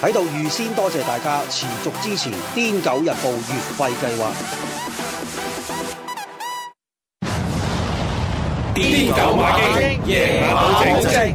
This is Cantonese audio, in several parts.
喺度預先多謝大家持續支持《癲狗日報月費計劃》。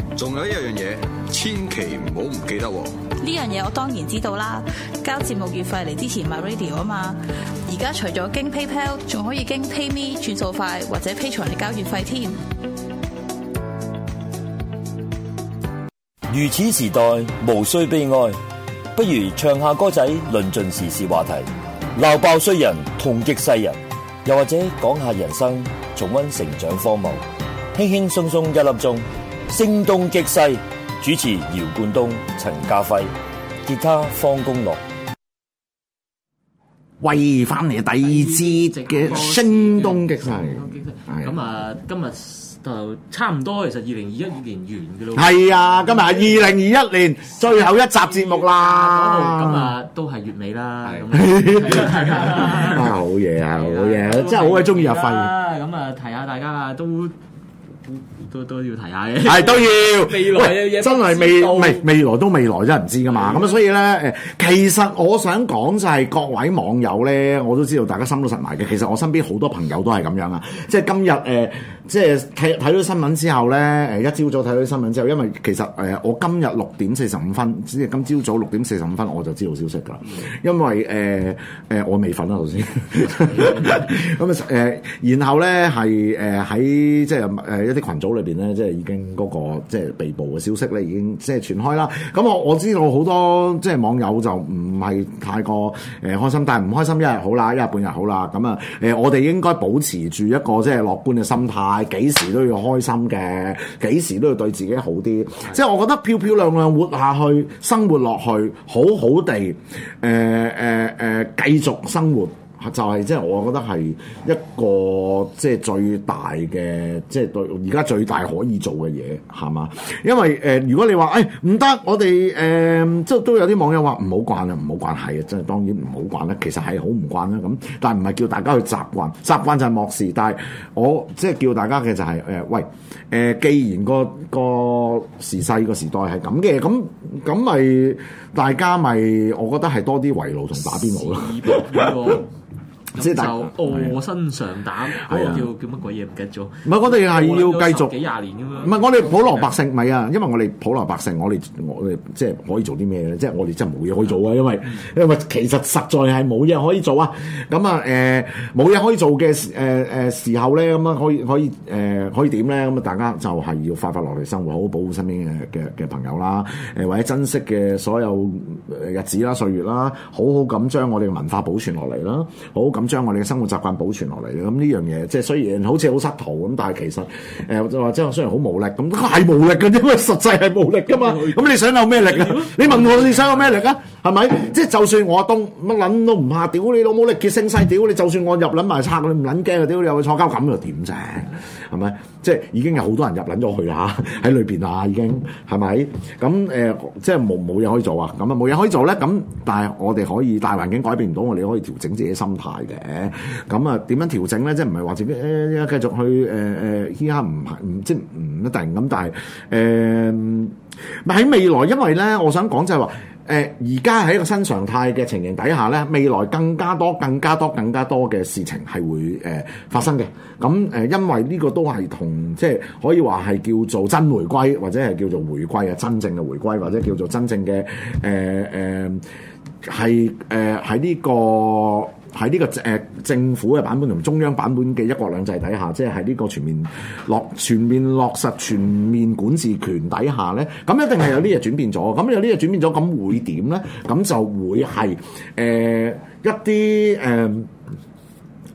仲有一樣嘢，千祈唔好唔記得。呢樣嘢我當然知道啦，交節目月費嚟支持 MyRadio 啊嘛。而家除咗經 PayPal，仲可以經 PayMe 轉數快或者 Patreon 嚟交月費添。如此時代，無需悲哀，不如唱下歌仔，論盡時事話題，鬧爆衰人，痛擊世人。又或者講下人生，重溫成長荒謬，輕輕鬆鬆一粒鐘。聲東擊西，主持姚冠東、陳嘉輝，結他方功濼，喂翻嚟，第二支嘅聲東擊西。咁啊，今日就差唔多，其實二零二一年完噶咯。係啊，今日係二零二一年最後一集節目啦。咁啊，都係月尾啦。係啊，好嘢啊，好嘢，真係好鬼中意入瞓。咁啊，提下大家啦，都。都都要提下嘅，係 都要。未來真係未未未，未來都未來真係唔知噶嘛。咁所以咧誒，其實我想講就係各位網友咧，我都知道大家心都實埋嘅。其實我身邊好多朋友都係咁樣啊，即係今日 即係睇睇到新聞之後咧，一朝早睇到新聞之後，因為其實誒、呃、我今日六點四十五分，即係今朝早六點四十五分我就知道消息㗎啦。因為誒誒、呃呃、我未瞓啦頭先，咁啊、 嗯呃、然後咧係誒喺即係、呃、一啲群組裏面咧，即係已經嗰、那個即係被捕嘅消息咧已經即係傳開啦。咁我我知道好多即係網友就唔係太過誒、呃、開心，但係唔開心一日好啦，一日半日好啦。咁啊、呃、我哋應該保持住一個即係樂觀嘅心態。係幾時都要開心嘅，幾時都要對自己好啲。即係我覺得漂漂亮亮活下去，生活落去，好好地，誒誒誒，繼續生活。就係即係，就是、我覺得係一個即係、就是、最大嘅，即、就、係、是、對而家最大可以做嘅嘢，係嘛？因為誒、呃，如果你話誒唔得，我哋誒即係都有啲網友話唔好慣啊，唔好慣係啊，係、就是、當然唔好慣啦。其實係好唔慣啦。咁但係唔係叫大家去習慣，習慣就係漠視。但係我即係、就是、叫大家嘅就係、是、誒、呃，喂誒、呃，既然個個時勢個時代係咁嘅，咁咁咪大家咪、就是，我覺得係多啲圍爐同打邊爐咯。就即就臥、哦、身上膽，係啊、哎、叫叫乜鬼嘢，唔記得咗。唔係我哋係要繼續幾廿年咁嘛？唔係我哋普羅百姓咪啊？因為我哋普羅百姓，我哋我哋即係可以做啲咩咧？即係我哋真係冇嘢可以做啊！因為因為其實實在係冇嘢可以做啊！咁啊誒冇嘢可以做嘅誒誒時候咧，咁、嗯、啊可以、呃、可以誒可以點咧？咁啊大家就係要快快落嚟生活，好好保護身邊嘅嘅嘅朋友啦，誒、呃、或者珍惜嘅所有日子啦、歲月啦，好好咁將我哋嘅文化保存落嚟啦，好、好咁將我哋嘅生活習慣保存落嚟嘅，咁呢樣嘢即係雖然好似好失途咁，但係其實或者話即係雖然好無力，咁都係無力嘅因為，實際係無力噶嘛，咁、嗯嗯嗯、你想有咩力啊？嗯嗯？你問我你想有咩力啊？係咪？即係就算我阿東乜撚都唔怕，屌你老母你傑聲西屌你！就算我入撚埋拆你，唔撚驚啊屌你有去！又坐交感又點啫？係咪？即、就、係、是、已經有好多人入撚咗去啦，喺裏邊啦已經係咪？咁、呃、即係冇冇嘢可以做啊？咁啊冇嘢可以做咧，咁但係我哋可以大環境改變唔到，我哋可以調整自己心態嘅。咁啊點樣調整咧？即係唔係話自己誒、呃、繼續去誒依家唔唔即唔一定咁，但係、呃咪喺未來，因為咧，我想講就係話，誒而家喺一個新常態嘅情形底下咧，未來更加多、更加多、更加多嘅事情係會誒、呃、發生嘅。咁、嗯呃、因為呢個都係同即係可以話係叫做真回歸，或者係叫做回歸啊，真正嘅回歸，或者叫做真正嘅誒誒，係誒喺呢個。喺呢個誒政府嘅版本同中央版本嘅一國兩制底下，即係喺呢個全面落全面落實全面管治權底下咧，咁一定係有啲嘢轉變咗。咁有啲嘢轉變咗，咁會點咧？咁就會係誒一啲誒。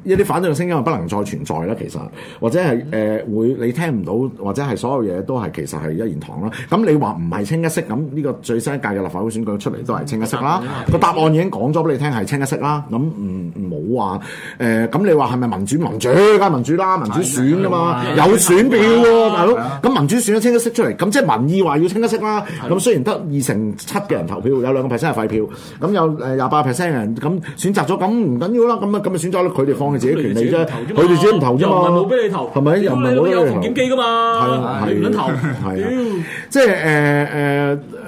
一啲反對嘅聲音不能再存在啦，其實或者係誒會你聽唔到，或者係所有嘢都係其實係一言堂啦。咁你話唔係清一色咁，呢個最新一屆嘅立法會選舉出嚟都係清一色啦。個、嗯嗯嗯、答案已經講咗俾你聽係、嗯、清一色啦。咁唔好話誒咁你話係咪民主民主梗民主啦？民主選㗎嘛，是是是是是是是是有選票喎大佬。咁、啊、民主選咗清一色出嚟，咁即係民意話要清一色啦。咁雖然得二成七嘅人投票，有兩個 percent 係廢票，咁有誒廿八 percent 嘅人咁選擇咗，咁唔緊要啦。咁啊咁啊選咗佢哋放。自己權利啫，佢哋自己唔投啫嘛，冇俾你投，係咪？又唔係我有風險機噶嘛？你唔投，屌、啊啊 呃呃！即係誒誒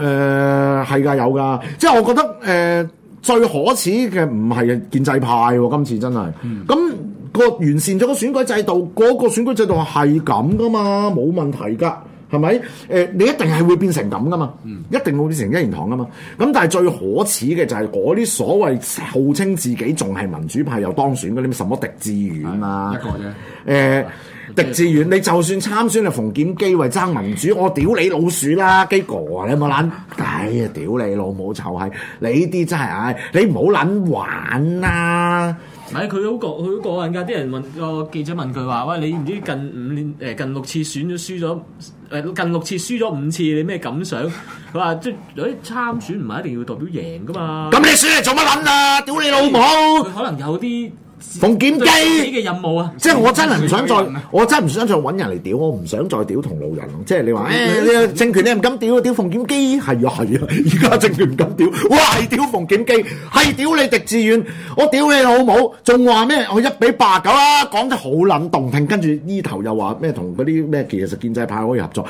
誒，係㗎有㗎，即係我覺得誒、呃、最可恥嘅唔係建制派喎、啊，今次真係。咁、嗯嗰個完善咗、嗰個選舉制度、啊，嗰個選舉制度係咁㗎嘛，冇問題㗎。係咪？誒、呃，你一定係會變成咁噶嘛、嗯，一定會變成一言堂噶嘛。咁但係最可恥嘅就係嗰啲所謂號稱自己仲係民主派又當選嗰啲咩什麼狄志遠啊，哎、一個啫。誒、呃，狄、嗯、志遠、嗯，你就算參選啊，馮檢基為爭民主，嗯、我屌你老鼠啦，基哥，你有冇撚？哎呀，屌你老母就係，你呢啲真係唉，你唔好撚玩啦。嗯唔係佢好過，佢好過人㗎。啲人記者問佢話：喂，你唔知近五年近六次選咗輸咗近六次輸咗五次，你咩感想？佢話：即係有啲參選唔係一定要代表贏㗎嘛。咁你選嚟做乜撚啊？屌、嗯、你老母！佢可能有啲。馮檢基嘅任務啊，即係我真係唔想再，啊、我真唔想再揾人嚟屌，我唔想再屌同路人，即係你話。誒、呃呃呃，政權你唔敢屌，屌馮檢基係啊係啊，而家、啊、政權唔敢屌，哇屌馮檢基係屌你狄志遠，我屌你老母！仲話咩我一比八九啊，講得好撚動聽，跟住呢頭又話咩同嗰啲咩其實建制派可以合作。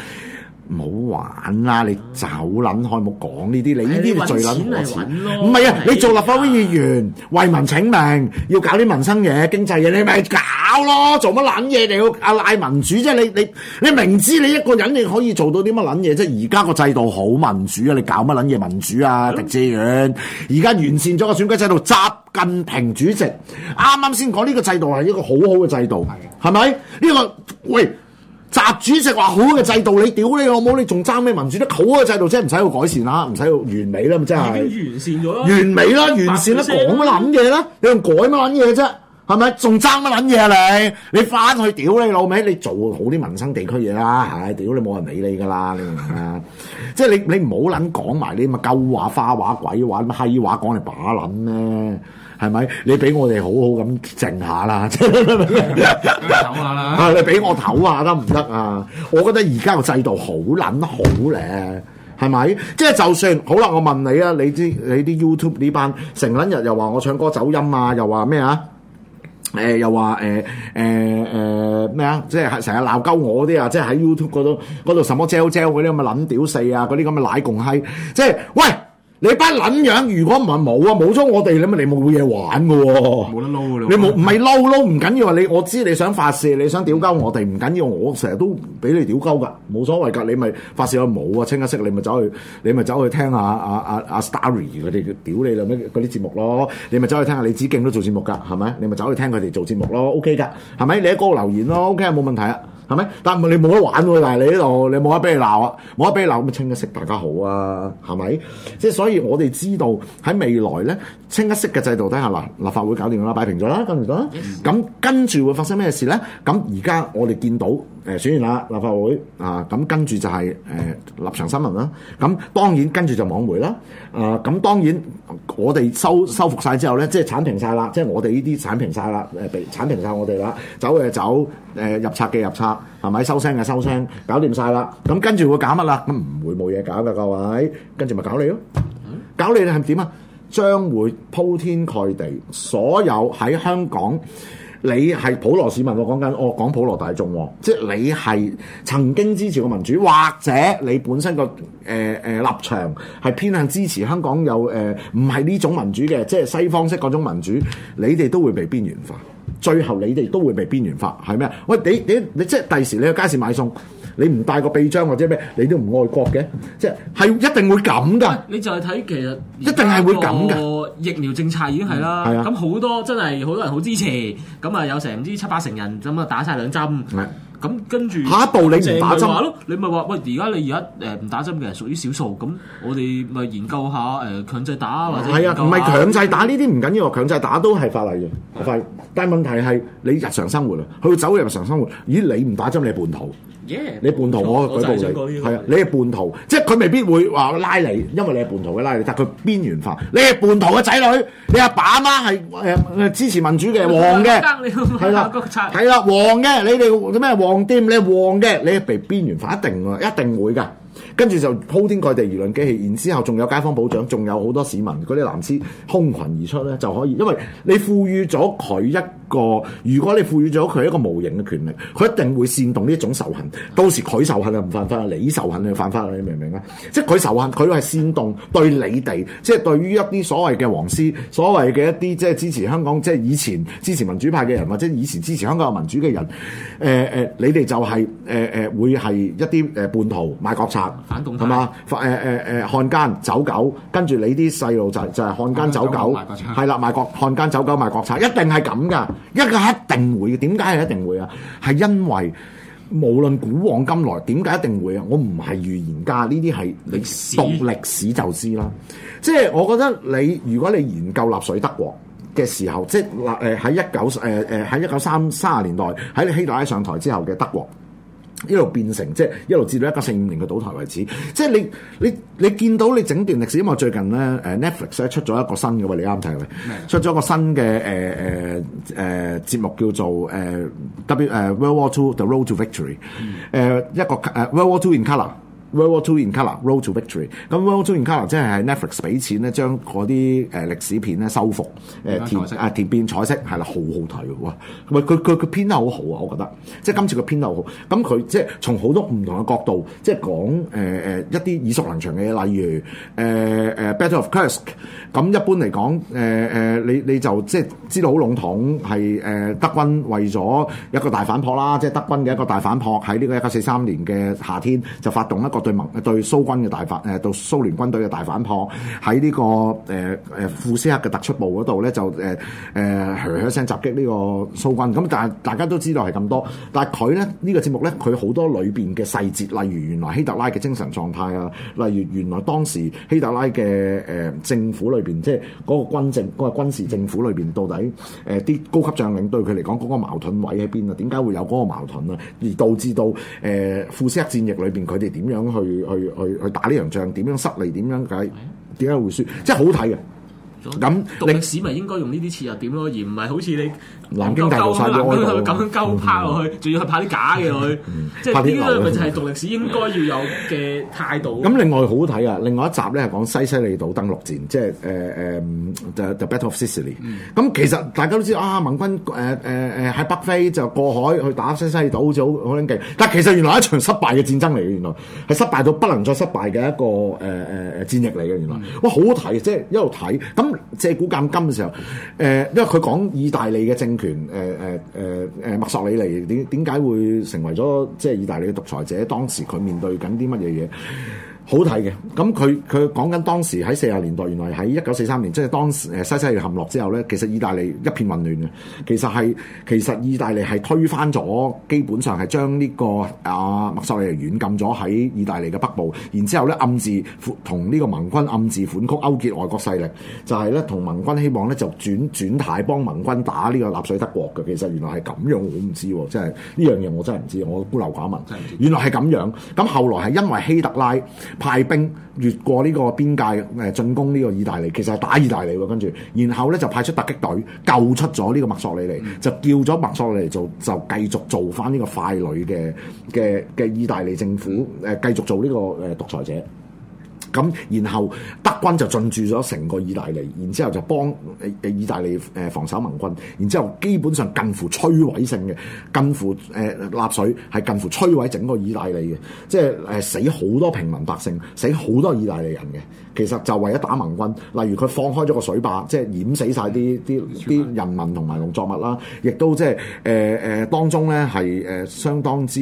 唔好玩啦！你走撚開，冇講呢啲，你呢啲咪最撚攞錢。唔係啊，啊，你做立法會議員，為民請命，要搞啲民生嘢、經濟嘢，你咪搞咯。做乜撚嘢你要賴民主啫！你你你明知你一個人你可以做到啲乜撚嘢啫？而家個制度好民，民主啊！你搞乜撚嘢民主啊？狄志遠，而家完善咗個選舉制度。習近平主席啱啱先講呢個制度係一個好好嘅制度，係咪？呢、呢個喂。習主席話好嘅制度，你屌你老母，你仲，爭咩民主？得好嘅制度即係唔使去改善啦，唔使去完美啦，咁即係。完善咗完美啦，完善啦，講乜捻嘢啦？你仲改乜捻嘢啫？係咪？仲爭乜捻嘢你？你翻去屌你老味，你做好啲民生地區嘢啦！唉，屌你冇人理你噶啦，你明唔明？即係你你唔好捻講埋啲咁嘅舊話花話鬼話乜閪話，講嚟把捻咩？係咪？你俾我哋好好咁靜，靜下啦， 即下啦。你俾我唞下得唔得啊？我覺得而家個制度好撚好咧，係咪？即、就、係、是、就算好啦，我問你啊，你啲你啲 YouTube 呢班成撚日又話我唱歌走音、呃呃呃呃、喊喊吵吵啊，又話咩啊？又話誒誒咩啊？即係成日鬧鳩我啲啊！即係喺 YouTube 嗰度嗰度什麼 gel gel 嗰啲咁嘅撚屌四啊，嗰啲咁嘅奶共閪，即係喂。你班撚樣，如果唔係冇啊，冇咗我哋，你咪你冇嘢玩噶喎。冇得撈噶喇！你冇唔係撈撈唔緊要啊！你我知你想發泄，你想屌鳩我哋唔緊要，我成日都俾你屌鳩噶，冇所謂噶，你咪發泄下冇啊，清一色你咪走去，你咪走去聽下阿阿阿 Starry 佢啲屌你啦咩嗰啲節目咯，你咪走去聽下李梓敬都做節目噶，係咪？你咪走去聽佢哋做節目咯，OK 噶，係咪？你喺嗰度留言咯，OK 冇問題啊。係咪？但係你冇得玩喎，嗱，你呢度你冇得俾你鬧啊，冇得俾你鬧，咁清一色大家好啊，係咪？即係所以我哋知道喺未來咧，清一色嘅制度底下，嗱，立法會搞掂啦，擺平咗啦，跟住啦，咁跟住會發生咩事咧？咁而家我哋見到。誒選完啦，立法會啊，咁跟住就係、是、誒、呃、立場新聞啦。咁當然跟住就網回啦。啊，咁當然、啊啊啊、當然我哋收收復晒之後咧，即係剷平晒啦，即係我哋呢啲剷平晒啦。誒被剷平晒我哋啦，走嘅、啊、走，呃、入冊嘅入冊，係咪收聲嘅、啊、收聲，搞掂晒啦。咁、啊、跟住會、啊啊、會搞乜啦？咁唔會冇嘢搞噶，各位。跟住咪搞你咯，搞你咧係點啊？將會鋪天蓋地，所有喺香港。你係普羅市民，我講緊我講普羅大眾，即係你係曾經支持過民主，或者你本身個誒、呃、立場係偏向支持香港有誒，唔係呢種民主嘅，即係西方式嗰種民主，你哋都會被邊緣化，最後你哋都會被邊緣化，係咩？喂，你你你即係第時你去街市買餸。你唔戴個臂章或者咩，你都唔愛國嘅，即係係一定會咁㗎、啊。你就係睇其實，一定係會咁嘅疫苗政策已經係啦。咁、嗯、好、啊、多真係好多人好支持，咁啊有成唔知七八成人咁啊打晒兩針。咁、啊、跟住下一步你唔打針你咪話喂，而家你而家唔打針嘅人屬於少數。咁我哋咪研究下強制打或者係係啊，唔係強制打呢啲唔緊要，強制打都係法例嘅、啊啊、但係問題係你日常生活啊，去走日常生活，咦你唔打針你係叛徒。Yeah, 你叛徒，我舉報你。係啊，你係叛徒，即係佢未必會話拉你，因為你係叛徒會拉你，但係佢邊緣化。你係叛徒嘅仔女，你阿爸阿媽係誒支持民主嘅，黃嘅，係 啦是的，係 啦是的， 黃嘅，你哋咩黃店？你係黃嘅，你係被邊緣化，一定一定會㗎。跟住就鋪天蓋地輿論機器，然之後仲有街坊保長，仲有好多市民，嗰啲藍絲空群而出咧，就可以，因為你賦予咗佢一個，如果你賦予咗佢一個無形嘅權力，佢一定會煽動呢一種仇恨。到時佢仇恨就唔犯法，你仇恨就犯法，你明唔明啊？即係佢仇恨，佢係煽動對你哋，即係對於一啲所謂嘅黃絲，所謂嘅一啲即係支持香港即係以前支持民主派嘅人，或者以前支持香港民主嘅人，誒、呃呃、你哋就係誒誒會係一啲誒叛徒、賣國賊。反動派係嘛？誒誒誒，漢奸走狗，跟住你啲細路仔就係漢奸走狗，係啦賣，賣國，漢奸走狗賣國產，一定係咁噶，一個一定會嘅。點解係一定會啊？係因為無論古往今來，點解一定會啊？我唔係預言家，呢啲係你讀歷史就知啦。即係我覺得你如果你研究納粹德國嘅時候，即係喺一九誒誒喺一九三十年代喺你希特勒喺上台之後嘅德國。一路變成即係一路至到一九四五年嘅倒台為止，即係你你你見到你整段歷史。因為最近咧 Netflix 咧出咗一個新嘅喎，你啱睇嘅，出咗個新嘅誒誒誒節目叫做誒、呃、W、uh, World War Two The Road to Victory，誒、嗯呃、一個、uh, World War Two in Colour World War Two in Colour, Road to Victory。咁 World War Two in Colour 即係喺 Netflix 俾錢咧，將嗰啲誒歷史片咧修復誒填色啊填變彩色，係啦，好哇好睇喎。唔係佢佢佢編得好好啊，我覺得。即係今次佢編得好。咁佢即係從好多唔同嘅角度，即係講誒誒一啲耳熟能詳嘅嘢，例如誒誒、呃、Battle of Kursk。咁一般嚟講誒誒你你就即係知道好籠統係誒德軍為咗一個大反撲啦，即係德軍嘅一個大反撲，喺呢個一九四三年嘅夏天就發動一個。對盟對蘇軍嘅大反誒，對蘇聯軍隊嘅大反撲喺呢個誒誒庫斯克嘅突出部嗰度咧，就誒誒噏噏聲襲擊呢個蘇軍。咁但係大家都知道係咁多，但係佢咧呢、這個節目咧，佢好多裏邊嘅細節，例如原來希特拉嘅精神狀態啊，例如原來當時希特拉嘅誒、呃、政府裏邊，即係嗰個軍政嗰、那個軍事政府裏邊，到底誒啲、呃、高級將領對佢嚟講嗰個矛盾位喺邊啊？點解會有嗰個矛盾啊？而導致到誒庫、呃、斯克戰役裏邊佢哋點樣？去去去去打呢場仗，點樣失利？點樣解？點解會輸？即係好睇嘅。咁歷史咪應該用呢啲切入點咯，而唔係好似你。南京大屠殺，咁樣鳩拋落去，仲、嗯、要去拍啲假嘅佢，即係呢個咪就係、是、讀歷史應該要有嘅態度、嗯。咁、嗯、另外好睇啊！另外一集咧係講西西里島登陸戰，即係誒誒就 The Battle of Sicily、嗯。咁其實大家都知道啊，盟軍誒誒誒喺北非就過海去打西西里島，好似好好撚勁。但係其實原來一場失敗嘅戰爭嚟嘅，原來係失敗到不能再失敗嘅一個誒誒、uh, 戰役嚟嘅，原來哇，好好睇啊！即係一路睇咁借古鑑今嘅時候，誒、uh,，因為佢講意大利嘅政權誒誒誒誒，墨、啊啊、索里尼點點解會成為咗即係意大利嘅獨裁者？當時佢面對緊啲乜嘢嘢？好睇嘅，咁佢佢講緊當時喺四十年代，原來喺一九四三年，即係當時西西里陷落之後咧，其實意大利一片混亂嘅。其實係其實意大利係推翻咗，基本上係將呢、這個啊墨索里尼軟禁咗喺意大利嘅北部，然之後咧暗自同呢個盟軍暗自款曲勾結外國勢力，就係咧同盟軍希望咧就轉轉態幫盟軍打呢個納粹德國嘅。其實原來係咁樣，我唔知喎，即係呢樣嘢我真係唔知，我孤陋寡聞。原來係咁樣，咁後來係因為希特拉。派兵越過呢個邊界進攻呢個意大利，其實係打意大利喎。跟住，然後咧就派出突擊隊救出咗呢個墨索里尼，就叫咗墨索里尼做，就繼續做翻呢個傀儡嘅嘅嘅意大利政府誒繼續做呢個誒獨裁者。咁，然後德軍就進駐咗成個意大利，然之後就幫誒誒意大利誒防守盟軍，然之後基本上近乎摧毀性嘅，近乎誒納粹係近乎摧毀整個意大利嘅，即係誒死好多平民百姓，死好多意大利人嘅。其實就為咗打盟軍，例如佢放開咗個水壩，即係淹死晒啲啲啲人民同埋農作物啦，亦都即係誒誒當中咧係誒相當之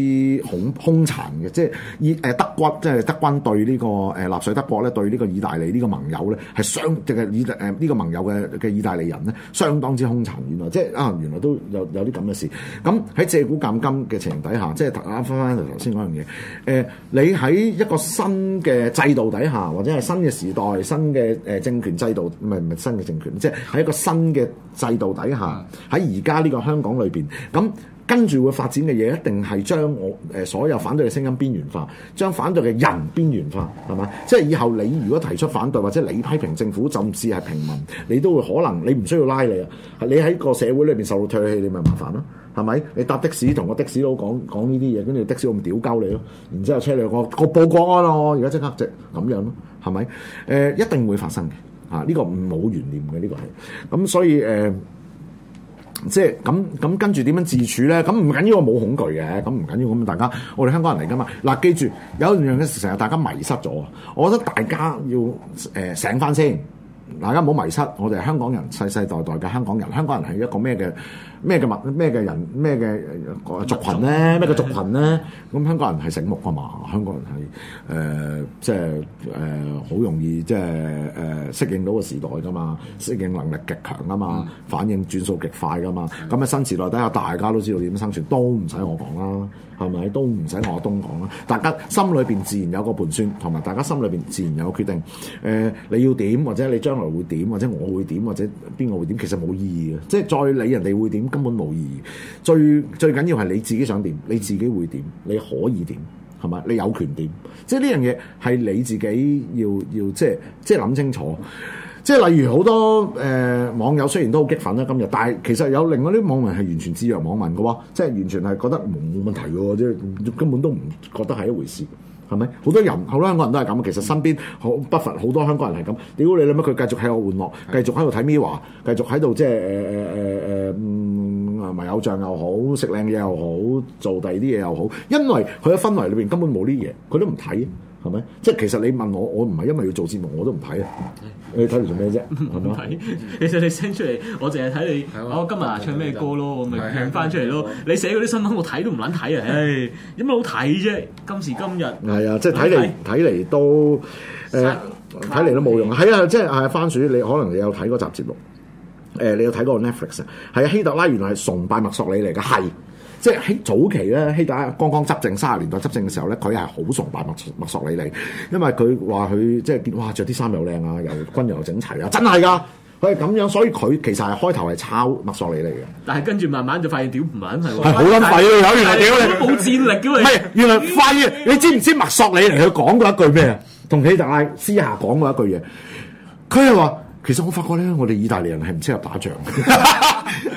恐、兇殘嘅，即係意誒德軍，即係德軍對呢、這個誒、呃、納粹德國咧對呢個意大利呢個盟友咧係相，即係意誒呢個盟友嘅嘅意大利人咧相當之兇殘的，原來即係啊原來都有有啲咁嘅事。咁喺借古鑑今嘅情形底下，即係突然翻翻頭先講嘢，誒、呃、你喺一個新嘅制度底下或者係新嘅時時代新嘅誒政權制度，唔係唔係新嘅政權，即係喺一個新嘅制度底下，喺而家呢個香港裏邊咁。跟住會發展嘅嘢，一定係將我所有反對嘅聲音邊緣化，將反對嘅人邊緣化，係咪即係以後你如果提出反對或者你批評政府，甚至係平民，你都會可能你唔需要拉你啊！你喺個社會裏邊受到唾棄，你咪麻煩咯，係咪？你搭的士同個的士佬講講呢啲嘢，跟住的士佬唔屌鳩你咯，然之後車你我我報國安咯，而家即刻即咁樣咯，係咪、呃？一定會發生嘅啊呢、呢個冇懸念嘅呢、呢個係，咁所以、呃即係咁咁跟住點樣自處咧？咁唔緊要，我冇恐懼嘅。咁唔緊要咁，大家我哋香港人嚟噶嘛？嗱，記住有一樣嘢成日大家迷失咗。我覺得大家要誒、呃、醒翻先，大家唔好迷失。我哋係香港人世世代代嘅香港人，香港人係一個咩嘅？咩嘅物，咩嘅人，咩嘅族群咧？咩嘅族群咧？咁香港人係醒目㗎嘛？香港人係誒、呃、即係誒好容易即係誒、呃、適應到個時代㗎嘛？適應能力極強㗎嘛？反應轉數極快㗎嘛？咁、嗯、喺新時代底下，大家都知道點生存，都唔使我講啦，係、嗯、咪？都唔使我東講啦。大家心裏邊自然有個盤算，同埋大家心裏邊自然有個決定。誒、呃，你要點或者你將來會點或者我會點或者邊個會點？其實冇意義嘅，即係再理人哋會點。根本冇意義，最最緊要係你自己想點，你自己會點，你可以點，係咪？你有權點，即係呢樣嘢係你自己要要即係即係諗清楚。即係例如好多誒、呃、網友雖然都好激憤啦今日，但係其實有另外啲網民係完全自弱網民嘅喎，即係完全係覺得冇問題嘅喎，即係根本都唔覺得係一回事。係咪？好多人，好多香港人都係咁。其實身邊好不乏好多香港人係咁。屌你諗吓，佢繼續喺度玩樂，繼續喺度睇 MIRROR，繼續喺度即係誒誒誒唔係偶像又好，食靚嘢又好，做第二啲嘢又好。因為佢喺氛圍裏面根本冇啲嘢，佢都唔睇。係咪？即係其實你問我，我唔係因為要做節目，我都唔睇啊！你睇嚟做咩啫？唔睇，其實你 send 出嚟，我淨係睇你。哦、今天我今日唱咩歌咯？我咪唱翻出嚟咯。你寫嗰啲新聞，我睇都唔捻睇啊！唉、欸，有咩好睇啫？今時今日係啊，即係睇嚟睇嚟都誒，睇、呃、嚟都冇用。係啊，即係係番薯，你可能你有睇嗰集節目。誒、呃，你有睇過 Netflix 啊？係啊，希特拉原來係崇拜墨索里尼嚟嘅係。即係早期咧，希特拉剛剛執政三十年代執政嘅時候咧，佢係好崇拜墨索里尼，因為佢話佢即係哇着啲衫又靚啊，又軍又整齊啊，真係㗎。佢係咁樣，所以佢其實係開頭係抄墨索里尼嘅。但係跟住慢慢就發現屌唔係真係，係好撚廢，有啲係屌你都冇戰力嘅咪。原來廢啊！原來 你知唔知墨索里尼佢講過一句咩啊？同希特拉私下講過一句嘢，佢係話其實我發覺咧，我哋意大利人係唔適合打仗。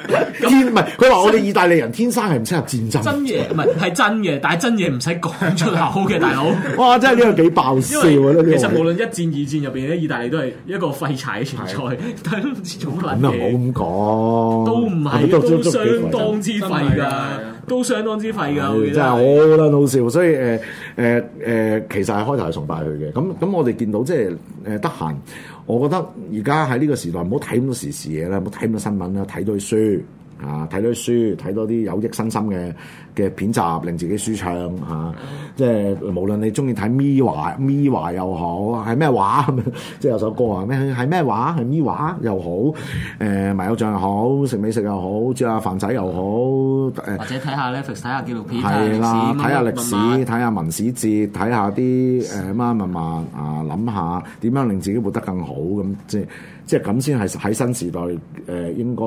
天唔係佢話我哋意大利人天生係唔適合戰爭，真，真嘢唔係，係真嘅，但係真嘢唔使講出口嘅，大佬。哇！真係呢個幾爆笑咯。因為其實無論一戰二戰入邊咧，意大利都係一個廢柴嘅存在，但係都唔知做乜撚嘢。唔好咁講，都唔係，都相當之廢㗎。都相當之廢㗎，會真係好啦，好笑，所以誒誒誒，其實係開頭係崇拜佢嘅。咁咁，咁我哋見到即係誒得閒，我覺得而家喺呢個時代，唔好睇咁多時事嘢啦，唔好睇咁多新聞啦，睇堆書。啊！睇多書，睇多啲有益身心嘅嘅片集，令自己舒暢嚇。即係無論你中意睇咪話咪話又好，係咩話？即 係有首歌啊，咩係咩話係咪話又好？誒、呃，埋偶像又好，食美食又好，煮下飯仔又好。或者睇下 Netflix，睇下紀錄片，睇下睇下歷史，睇下文，文史哲睇下啲誒乜乜乜啊，諗下點樣令自己活得更好咁，即係。即係咁先係喺新時代誒、呃、應該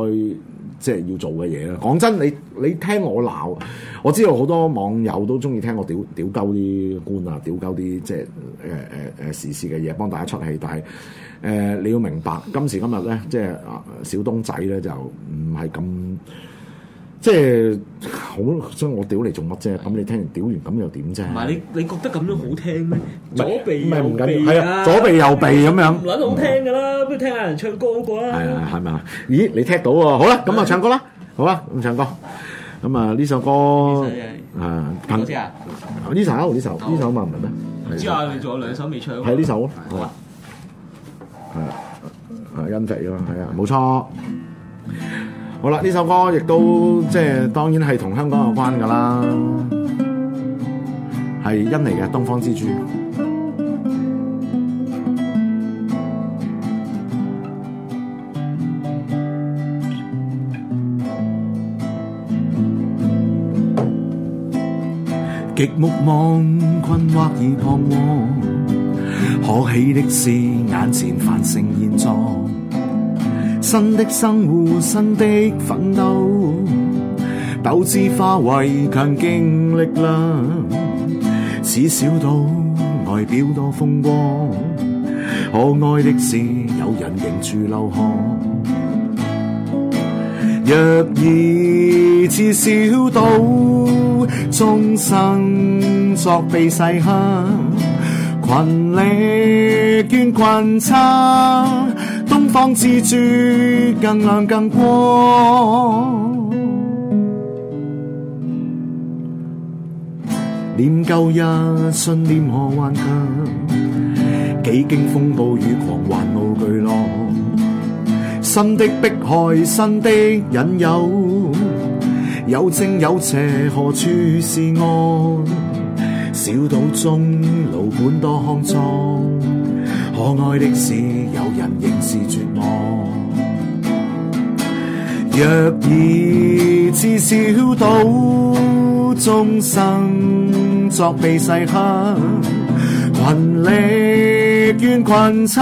即係要做嘅嘢啦。講真，你你聽我鬧，我知道好多網友都中意聽我屌屌鳩啲官啊，屌鳩啲即係誒誒時事嘅嘢，幫大家出氣。但係、呃、你要明白，今時今日咧，即係小東仔咧就唔係咁。即係好，將我屌嚟做乜啫？咁你聽完屌完，咁又點啫？唔係你，你覺得咁樣好聽咩？左臂唔係唔緊要，係啊，左臂右臂咁樣，唔係好聽噶啦，不如聽下人唱歌好過啦。係啊，係咪啊？咦，你聽到喎？好啦，咁啊，唱歌啦，好啊，咁唱歌。咁啊，呢首歌啊，等我先啊。呢首呢首呢首嘛唔係咩？唔知啊，仲有兩首未唱。係呢首。好啊。係啊，係音質咯，係啊，冇錯。好啦，呢首歌亦都即係當然係同香港有關㗎啦，係印尼嘅《東方之珠》。極目望，困惑而彷徨，可喜的是眼前繁盛現狀。新的生活，新的奮鬥，鬥志化為強勁力量。似小島外表多風光，可愛的是有人凝住流汗。若然此小島，終生作避世客，群力捐群策。方知珠更亮更光，念舊日信念何頑強？幾經風暴與狂瀾無巨浪，新的迫害，新的引誘，有正有邪，何處是岸？小島中老本多康莊。可愛的是，有人仍是絕望。若以至小島，眾生作避世客，群力願群策，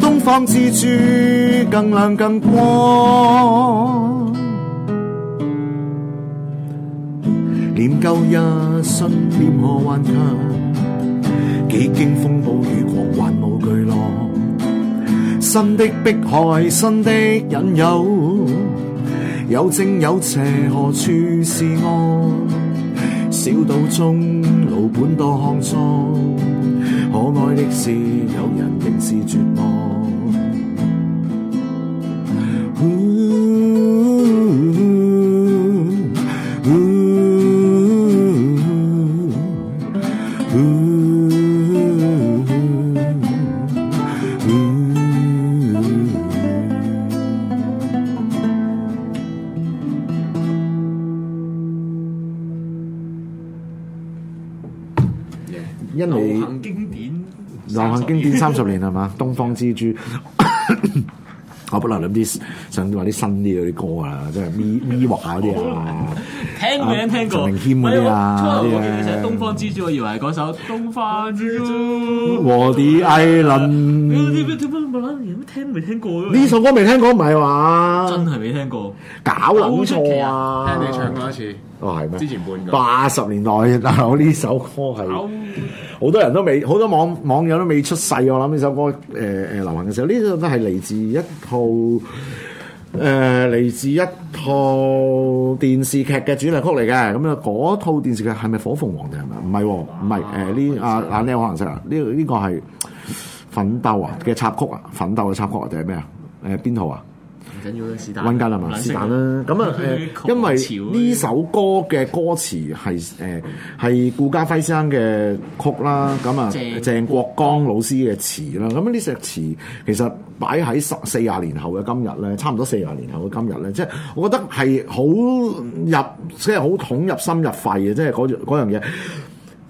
東方之珠更亮更光。念舊日，信念何頑強？幾經風暴雨。新的迫害，新的引誘，有正有邪，何處是岸？小島中，路本多骯髒，可愛的是，有人仍是絕望。流行經典三十年係嘛？《東方之珠，》 我本嚟諗啲想話啲新啲嗰啲歌啊，即係咪咪畫下啲啊？聽未聽過？明謙嗰啲啊！嗯、我初我見到就《東方之珠》，我以為嗰首東《東方之珠》和啲艾倫，你你你乜撚嘢？乜聽未聽過？呢首歌未聽過唔係話，真係未聽過，搞撚錯啊！聽你唱過一次。哦，係咩？之前半個？八十年代，但係我呢首歌係好多人都未，好多網網友都未出世。我諗呢首歌，誒、呃、誒流行嘅時候，呢個都係嚟自一套誒嚟、呃、自一套電視劇嘅主題曲嚟嘅。咁樣，嗰套電視劇係咪《火鳳凰》定係咪？唔係，唔係。誒呢啊，阿、呃、靚、啊啊啊啊啊、可能識、這個這個、啊？呢呢個係《奮鬥》啊嘅插曲啊，《奮鬥》嘅插曲定係咩啊？誒邊、啊、套啊？緊要嘅是但，溫家林啊，是但啦。咁啊、嗯，因為呢首歌嘅歌詞係誒係顧嘉輝先生嘅曲啦，咁、嗯、啊，鄭國江老師嘅詞啦。咁呢隻詞詞其實擺喺十四廿年後嘅今日咧，差唔多四廿年後嘅今日咧，即、就、係、是、我覺得係好入，即係好捅入心入肺嘅，即係嗰嗰樣嘢，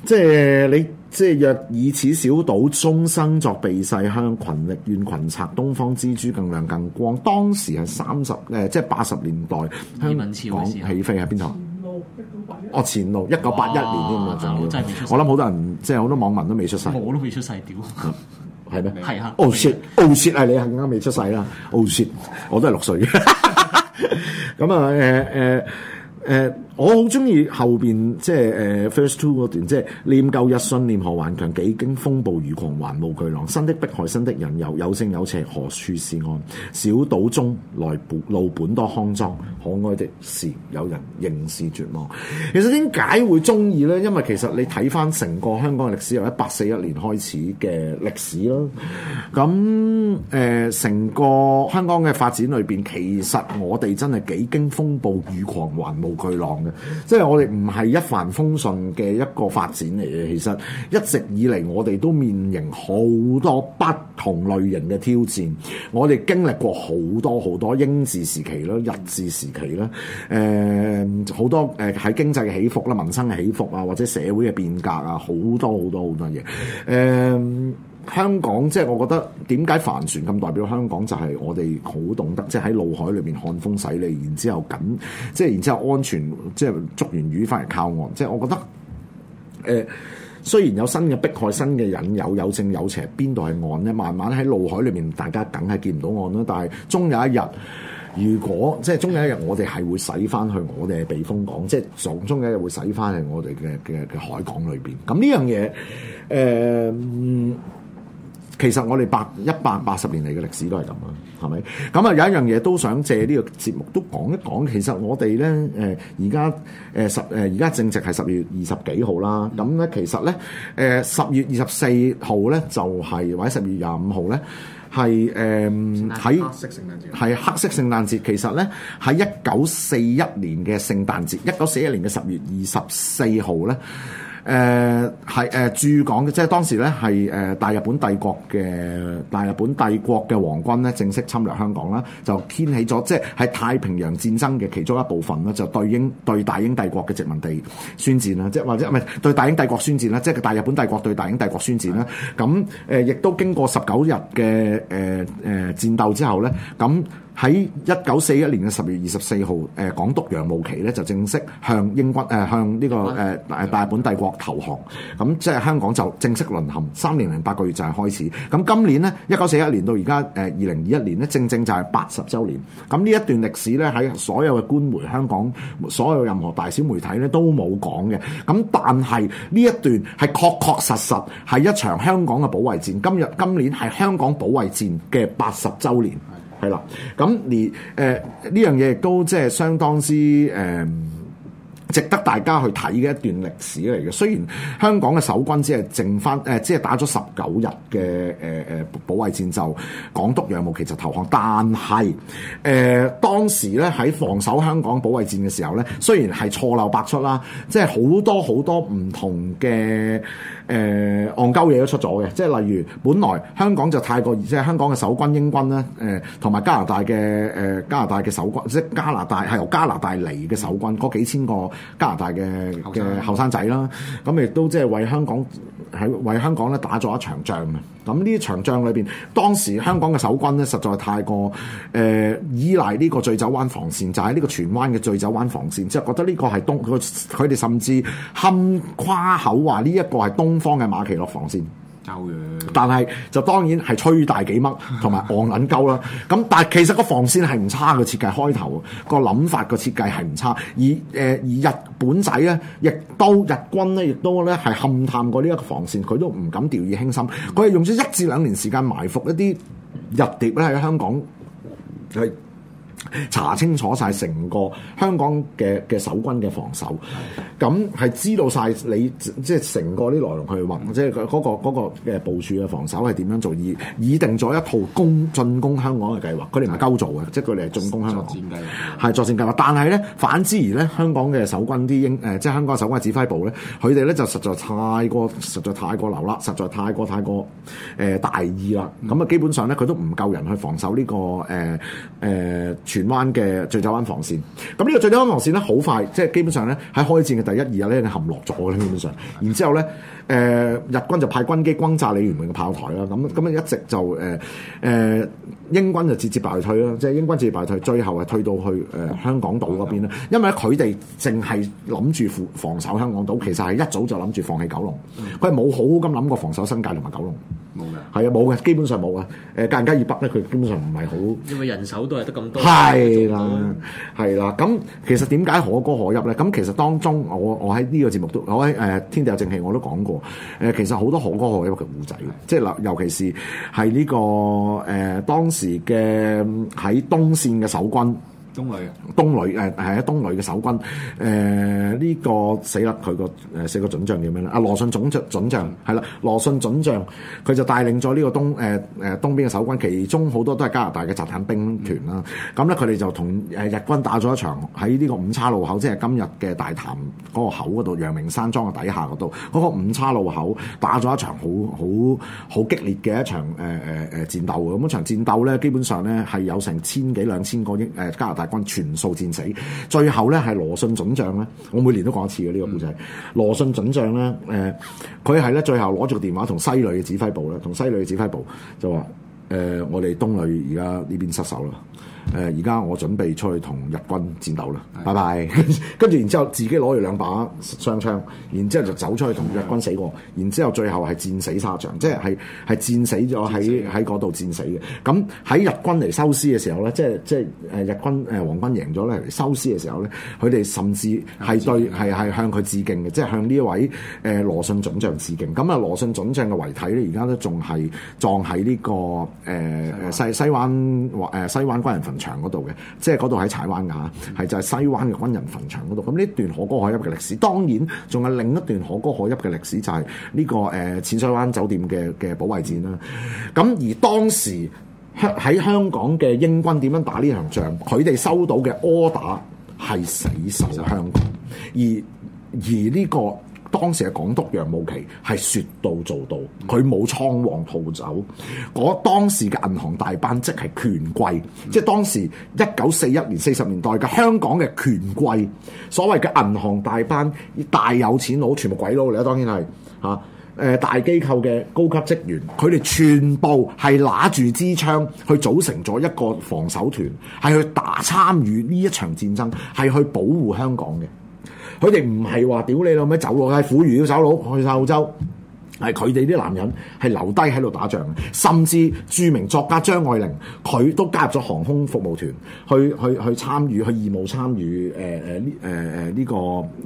即係、就是、你。即係若以此小島終生作避世鄉，群力願群策，東方之珠更亮更光。當時係三十誒，即係八十年代，香港起飛喺邊度？哦，前路一九八一年添啊，仲要。我諗好多人即係好多網民都未出世。我都未出世，屌！係咩？係、oh、啊！奧、oh、雪，奧雪係你啱啱未出世啦！奧、oh、雪、oh oh，我都係六歲嘅。咁啊誒誒。呃呃誒、uh，我好中意後邊，即係誒 First Two 嗰段，即、就、係、是、念舊日信念何頑強，幾經風暴雨狂，雲霧巨浪，新的迫害新的引誘，有聲有邪，何處是岸？小島中來，路本多康莊，可愛的是有人仍是絕望。其實點解會中意呢？因為其實你睇翻成個香港嘅歷史，由一八四一年開始嘅歷史啦。咁誒，成、uh, 個香港嘅發展裏邊，其實我哋真係幾經風暴雨狂，雲霧巨浪嘅，即係我哋唔係一帆風順嘅一個發展嚟嘅。其實一直以嚟，我哋都面臨好多不同類型嘅挑戰。我哋經歷過好多好多英治時期啦、日治時期啦，誒、嗯，好多誒，喺經濟嘅起伏啦、民生嘅起伏啊，或者社會嘅變革啊，好多好多好多嘢，誒、嗯。香港即係、就是、我覺得點解帆船咁代表香港就係我哋好懂得，即係喺怒海裏邊看風駛 𢃇，然之後緊，即、就、係、是、然之後安全，即、就、係、是、捉完魚翻嚟靠岸。即、就、係、是、我覺得，誒、呃，雖然有新嘅迫害、新嘅引誘、有正有，有邪，邊度係岸咧？慢慢喺怒海裏面，大家梗係見唔到岸啦。但係終有一日，如果即係終有一日，我哋係會駛翻去我哋嘅避風港，即係終終有一日會駛翻去我哋嘅嘅嘅海港裏邊。咁呢樣嘢，誒、呃。其實我哋百一百八十年嚟嘅歷史都係咁啊，係咪？咁啊，有一樣嘢都想借呢個節目都講一講。其實我哋咧誒而家誒十誒而家正值係十月二十幾號啦。咁咧，其實咧誒十月二十四號咧就係，或者十月廿五號咧係誒喺係黑色聖誕節。其實咧喺一九四一年嘅聖誕節，一九四一年嘅十月二十四號咧。誒係誒駐港嘅，即係當時咧係誒大日本帝國嘅大日本帝國嘅皇軍咧正式侵略香港啦，就掀起咗即係喺太平洋戰爭嘅其中一部分啦，就對英對大英帝國嘅殖民地宣戰啦，即係或者唔係對大英帝國宣戰啦，即係大日本帝國對大英帝國宣戰啦。咁、呃、亦都經過十九日嘅誒誒戰鬥之後咧，咁。喺一九四一年嘅十月二十四號，誒港督楊慕琦咧就正式向英軍誒向呢個誒大日本帝國投降，咁即係香港就正式淪陷三年零八個月就係開始。咁今年咧，一九四一年到而家誒二零二一年咧，正正就係八十週年。咁呢一段歷史咧，喺所有嘅官媒、香港所有任何大小媒體咧都冇講嘅。咁但係呢一段係確確實實係一場香港嘅保衛戰。今日今年係香港保衛戰嘅八十週年。係啦，咁而呢樣嘢亦都即係相當之誒值得大家去睇嘅一段歷史嚟嘅。雖然香港嘅守軍只係剩翻誒，只係打咗十九日嘅誒保衛戰就港督楊慕琦就投降，但係誒、呃、當時咧喺防守香港保衛戰嘅時候咧，雖然係錯漏百出啦，即係好多好多唔同嘅。誒戇鳩嘢都出咗嘅，即係例如，本來香港就太過，即、就、係、是、香港嘅守軍英軍啦，誒同埋加拿大嘅誒、呃、加拿大嘅守軍，即係加拿大係由加拿大嚟嘅守軍，嗰、嗯、幾千個加拿大嘅嘅後生仔啦，咁、嗯、亦、嗯、都即係為香港。係為香港咧打咗一場仗嘅，咁呢一場仗裏邊，當時香港嘅守軍咧，實在太過誒、呃、依賴呢個醉酒灣防線，就喺、是、呢個荃灣嘅醉酒灣防線，之、就、後、是、覺得呢個係東，佢佢哋甚至堪誇口話呢一個係東方嘅馬其諾防線。但係就當然係吹大幾乜同埋戇撚鳩啦。咁但係其實個防線係唔差嘅，設計開，開頭個諗法個設計係唔差。而而日本仔咧，亦都日軍咧，亦都咧係勘探過呢一個防線，佢都唔敢掉以輕心。佢係用咗一至兩年時間埋伏一啲日諜咧喺香港查清楚晒成個香港嘅、嘅守軍嘅防守，咁係知道晒你即係成個啲來龍去脈，即係嗰個嗰個嘅部署嘅防守係點樣做，以擬定咗一套攻進攻香港嘅計劃，佢哋係鳩做嘅，即係佢哋係進攻香港，係作戰計劃。但係咧，反之而咧，香港嘅守軍啲英誒即係香港守軍嘅指揮部咧，佢哋咧就實在太過實在太過流啦，實在太過太過誒大意啦。咁啊，基本上咧，佢都唔夠人去防守呢、這個誒誒。呃呃全荃灣嘅醉酒灣防線，咁呢個醉酒灣防線咧好快，即係基本上咧喺開戰嘅第一二日咧就陷落咗啦，基本上。然之後咧，日軍就派軍機轟炸鯉魚門嘅炮台啦。咁咁啊一直就英軍就節節敗退啦，即係英軍節節敗退，最後係退到去香港島嗰邊啦。因為佢哋淨係諗住防守香港島，其實係一早就諗住放棄九龍，佢係冇好咁諗過防守新界同埋九龍，冇嘅。係啊，冇嘅，基本上冇啊。誒，界限街以北咧，佢基本上唔係好，因為人手都係得咁多，係啦，係啦，咁其實點解可歌可泣咧？咁其實當中，我我喺呢個節目都，我喺誒、呃《天地有正氣》，我都講過，誒、呃、其實多好多可歌可泣嘅故仔嘅，即係嗱，尤其是喺呢、這個誒、呃、當時嘅喺東線嘅守軍。東旅啊，東旅誒係東旅嘅守軍，誒、呃、呢、這個死啦佢、那個死、呃、四個準將點樣咧？啊，羅遜準將，準將係啦，羅遜準將佢就帶領咗呢個東誒誒、呃、東邊嘅守軍，其中好多都係加拿大嘅擲彈兵團啦。咁咧佢哋就同日軍打咗一場喺呢個五叉路口，即、就、係、是、今日嘅大潭嗰個口嗰度，陽明山莊嘅底下嗰度嗰個五叉路口打咗一場好好好激烈嘅一場誒誒、呃呃、戰鬥。咁一場戰鬥咧，基本上咧係有成千幾兩千個、呃、加拿大。全數戰死，最後咧係羅信準將咧，我每年都講一次嘅呢、這個故仔。羅信準將咧，誒佢係咧最後攞住個電話同西旅嘅指揮部咧，同西旅嘅指揮部就話：誒、呃、我哋東旅而家呢邊失守啦。誒而家我準備出去同日軍戰鬥啦！拜拜，跟住然之後自己攞住兩把雙槍，然之後就走出去同日軍死過，然之後最後係戰死沙場，即係係係戰死咗喺喺嗰度戰死嘅。咁喺日軍嚟收屍嘅時候咧，即係即係日軍誒皇、呃、軍贏咗咧，嚟收屍嘅時候咧，佢哋甚至係對係係向佢致敬嘅，即係向呢一位誒、呃、羅信準將致敬。咁啊，羅信準將嘅遺體咧，而家都仲係葬喺呢、呢個、呃、西西西灣、呃、西灣軍人墳場度嘅，即係嗰度喺柴灣啊，係就係西灣嘅軍人墳場嗰度。咁呢段可歌可泣嘅歷史，當然仲有另一段可歌可泣嘅歷史，就係呢個誒淺水灣酒店嘅嘅保衛戰啦。咁而當時香喺香港嘅英軍點樣打呢場仗，佢哋收到嘅 order 係死守香港，而而呢個。當時嘅港督楊慕琦係說到做到，佢冇倉皇逃走。嗰當時嘅銀行大班即係權貴，即係當時一九四一年四十年代嘅香港嘅權貴，所謂嘅銀行大班大有錢佬全部鬼佬嚟啦，當然係嚇誒大機構嘅高級職員，佢哋全部係攞住支槍去組成咗一個防守團，係去打參與呢一場戰爭，係去保護香港嘅。佢哋唔係話屌你老味走落去，虎魚都走佬去曬澳洲。係佢哋啲男人係留低喺度打仗，甚至著名作家張愛玲佢都加入咗航空服務團去去去參與去義務參與誒誒誒呢個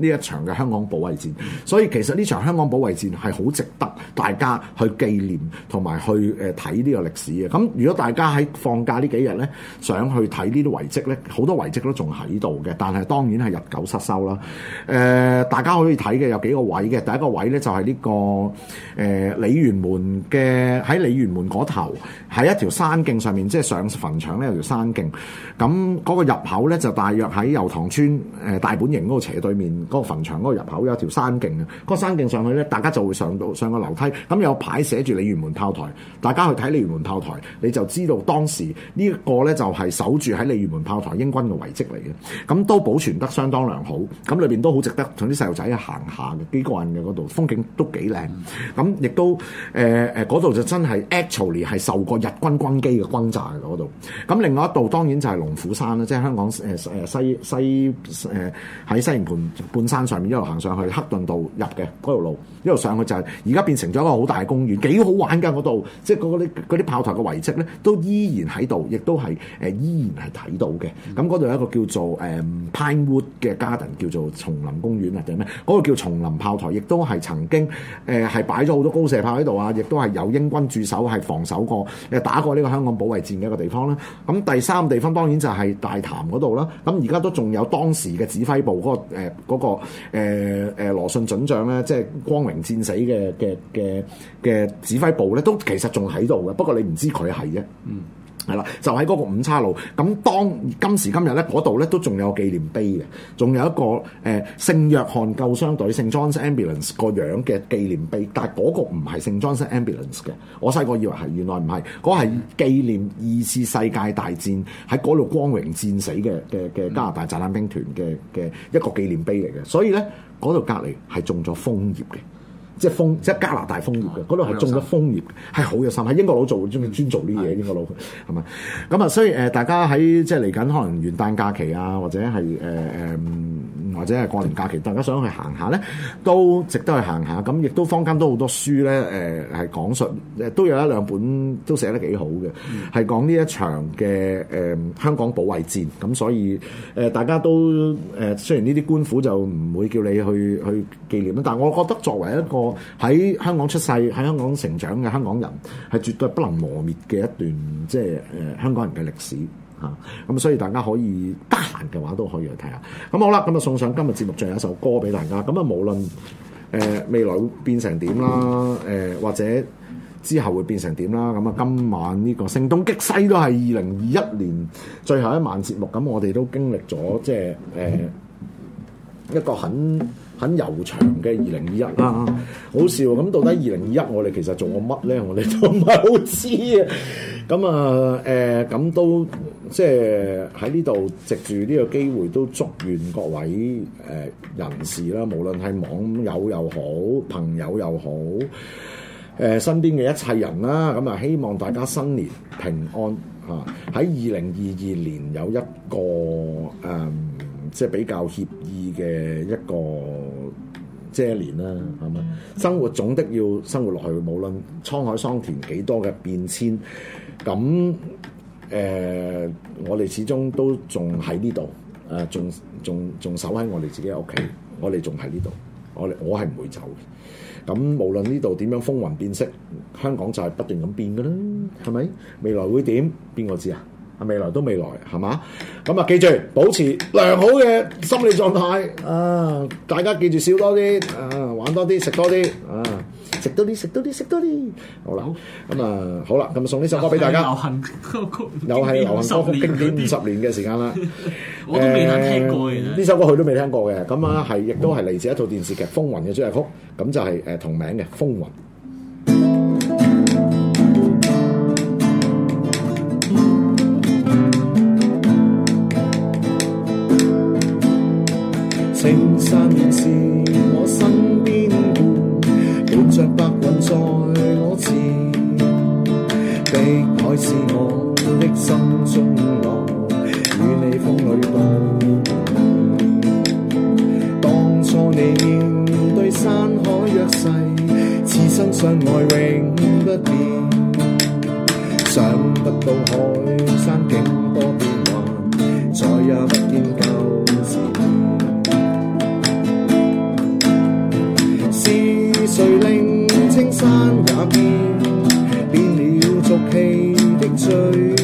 呢一場嘅香港保衛戰。所以其實呢場香港保衛戰係好值得大家去紀念同埋去誒睇呢個歷史嘅。咁如果大家喺放假呢幾日呢，想去睇呢啲遺跡呢，好多遺跡都仲喺度嘅，但係當然係日久失修啦。誒、呃，大家可以睇嘅有幾個位嘅，第一個位呢就係呢個。誒、呃，鯉魚門嘅喺鯉魚門嗰頭。喺一條山徑上面，即係上墳場咧有條山徑。咁嗰個入口咧就大約喺油塘村、呃、大本營嗰斜對面嗰、嗰個墳場嗰個入口，有條山徑嘅。嗰個山徑上去咧，大家就會上到上個樓梯。咁有牌寫住鯉魚門炮台，大家去睇鯉魚門炮台，你就知道當時呢一個咧就係、是、守住喺鯉魚門炮台英軍嘅遺跡嚟嘅。咁都保存得相當良好，咁裏面都好值得同啲細路仔行下嘅，幾個人嘅嗰度風景都幾靚。咁亦都嗰度、呃、就真係 actually 係受過。日軍軍機嘅轟炸嗰度，咁另外一度當然就係龍虎山啦，即係香港西西誒喺西營盤半山上面一路行上去黑頓道入嘅嗰條路，一路上去就係而家變成咗一個好大嘅公園，幾好玩噶嗰度，即係嗰啲啲炮台嘅遺跡咧都依然喺度，亦都係、呃、依然係睇到嘅。咁嗰度有一個叫做、嗯、Pine Wood 嘅 Garden，叫做松林公園啊定咩？嗰、嗰個叫松林炮台，亦都係曾經係擺咗好多高射炮喺度啊，亦都係有英軍駐守係防守過。打過呢個香港保衛戰嘅一個地方啦。咁第三個地方當然就係大潭嗰度啦。咁而家都仲有當時嘅指揮部嗰個誒嗰個誒誒羅遜准將咧，即係光榮戰死嘅嘅嘅嘅指揮部咧，都其實仲喺度嘅。不過你唔知佢係啫。嗯係啦，就喺嗰個五叉路，咁當今時今日咧，嗰度咧都仲有個紀念碑嘅，仲有一個誒聖、呃、約翰救傷隊聖裝飾 ambulance 個樣嘅紀念碑，但嗰個唔係聖裝飾 ambulance 嘅，我細個以為係，原來唔係，嗰係紀念二次世界大戰喺嗰度光榮戰死嘅嘅嘅加拿大擲彈兵團嘅嘅一個紀念碑嚟嘅，所以咧嗰度隔離係種咗楓葉嘅。即係楓，即係加拿大楓葉嘅，嗰度係種咗楓葉係係好有心。喺英國佬做，專專做呢嘢，英國佬係咪？咁啊，所以誒、呃，大家喺即係嚟緊，可能元旦假期啊，或者係誒、呃嗯或者係過年假期，大家想去行下咧，都值得去行下。咁亦都坊間都好多書咧，誒、呃、係講述，都有一兩本都寫得幾好嘅，係講呢一場嘅誒、呃、香港保衛戰。咁所以誒、呃、大家都誒、呃，雖然呢啲官府就唔會叫你去去紀念啦，但係我覺得作為一個喺香港出世、喺香港成長嘅香港人，係絕對不能磨滅嘅一段，即係誒、呃、香港人嘅歷史。咁、嗯、所以大家可以得閒嘅話，都可以去睇下。咁、嗯、好啦，咁、嗯、啊，送上今日節目最後一首歌俾大家。咁、嗯、啊，無論誒、呃、未來會變成點啦，誒、呃、或者之後會變成點啦，咁、嗯、啊，今晚呢個 Sing 東擊西都係二零二一年最後一晚節目。咁、嗯、我哋都經歷咗即係誒、呃、一個很很悠長嘅二零二一啦，好笑咁到底二零二一我哋其實做過乜咧？我哋都唔係好知道啊！咁、呃、啊，誒咁都即係喺呢度藉住呢個機會，都祝願各位誒、呃、人士啦，無論係網友又好，朋友又好，誒、呃、身邊嘅一切人啦，咁啊希望大家新年平安嚇，喺二零二二年有一個誒、呃、即係比較協議嘅一個。遮年啦、啊，係嘛？生活總得要生活落去，無論滄海桑田幾多嘅變遷，咁誒、呃，我哋始終都仲喺呢度，誒、呃，仲仲仲守喺我哋自己屋企，我哋仲喺呢度，我我係唔會走嘅。咁無論呢度點樣風雲變色，香港就係不斷咁變噶啦，係咪？未來會點？邊個知啊？啊，未來都未來，係嘛？咁啊，記住保持良好嘅心理狀態啊！大家記住，笑多啲，啊，玩多啲，食多啲，啊，食多啲，食多啲，食多啲，好啦，咁啊，好啦，咁啊，送呢首歌俾大家，又係流行歌曲經典，五十年嘅時間啦，我都未聽過嘅呢首歌，佢都未聽過嘅，咁啊，係亦都係嚟自一套電視劇《風雲》嘅主題曲，咁就係誒同名嘅《風雲》。心中浪，與你風裏度。當初你面對山海若誓，此生相愛永不變。想不到海山竟多變幻，再也不見舊時 是誰令青山也變，變了俗氣的罪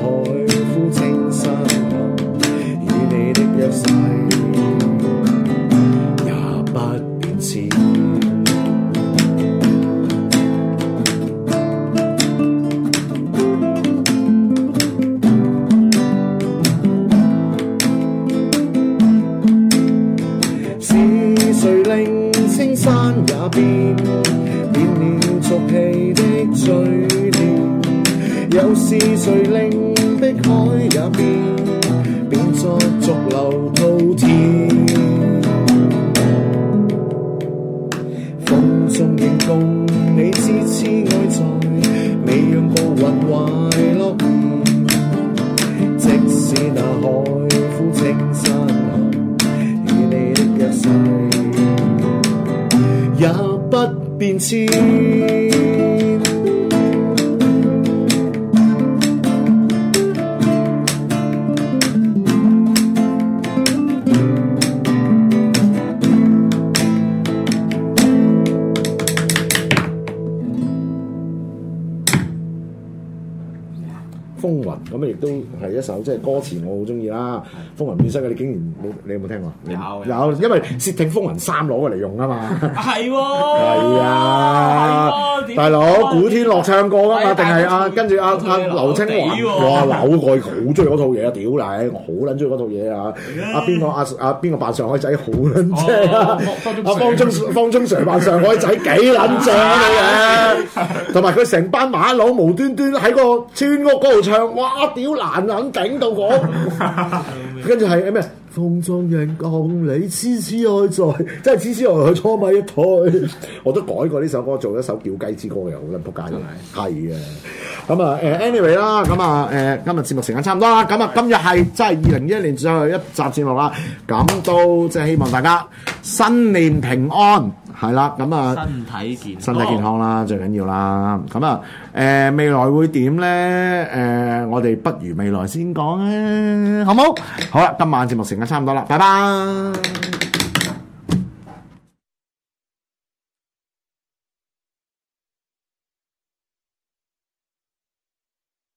亦都係一首即係歌詞，我好中意啦。風雲變色，你竟然冇，你有冇聽過？有，有，有，因為《竊聽風雲》三攞過嚟用啊嘛。係 喎、啊，係啊，啊，大佬古天樂唱歌的是是啊，定係啊？跟住阿啊劉青雲，哇！扭過好中意嗰套嘢啊！啊 屌你，我好撚中意嗰套嘢啊！阿 邊、啊、個啊個啊邊個扮上海仔好撚正啊？方方中方中信扮上海仔幾撚正嘅？同埋佢成班馬佬無端端喺個村屋嗰度唱，哇、啊！好難肯頂到我，那個，跟住係咩？風 中人共你痴痴愛在，真係痴痴愛愛拖埋一堆。我都改過呢首歌，做一首叫雞之歌嘅。好啦，仆街真係。係啊，咁啊誒，anyway 啦，咁啊誒，今日節目時間差唔多啦，咁啊今日係真係二零二一年最後一集節目啦。咁都即係希望大家新年平安。係啦，咁啊，身體健康啦，最緊要啦。咁啊、呃，未來會點咧？誒、呃，我哋不如未來先講咧，好冇？好啦，今晚節目時間差唔多啦，拜拜。